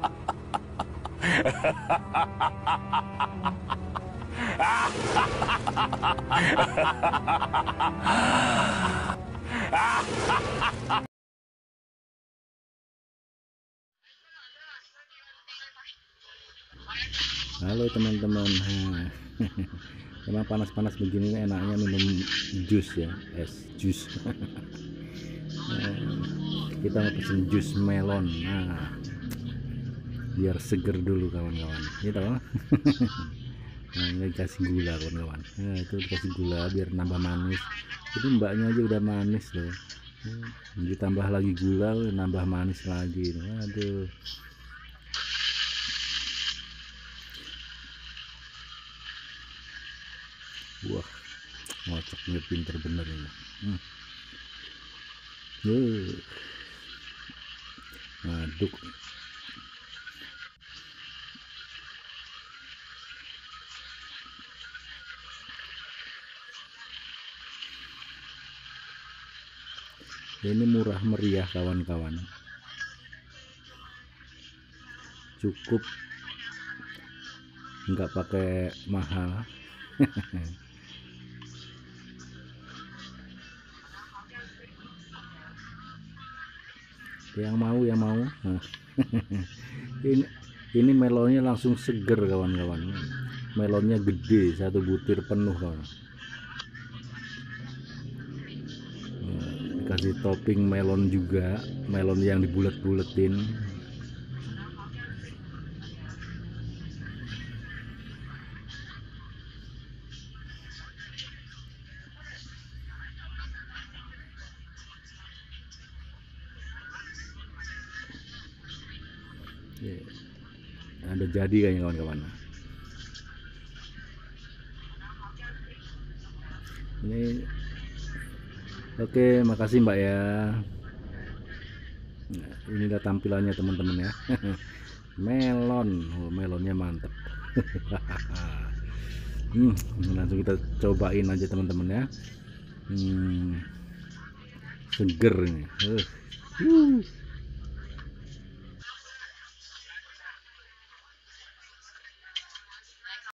Halo teman-teman Memang panas-panas begini enaknya minum jus ya Es jus ya, Kita mau pesen jus melon Nah biar seger dulu kawan-kawan gitu nah, nah, dikasih gula kawan-kawan nah, itu dikasih gula biar nambah manis itu mbaknya aja udah manis loh nah, ditambah lagi gula nambah manis lagi aduh wah ngocoknya pinter bener ini hmm. ini murah meriah kawan-kawan cukup enggak pakai mahal yang mau yang mau ini ini melonnya langsung seger kawan-kawan melonnya gede satu butir penuh kawan dikasih topping melon juga melon yang dibulet-buletin iya. ada jadi kayaknya kawan-kawan ini Oke, makasih Mbak ya. Nah, ini udah tampilannya teman-teman ya. Melon, oh, melonnya mantep. hmm, langsung kita cobain aja teman-teman ya. Hmm, seger ini. Uh.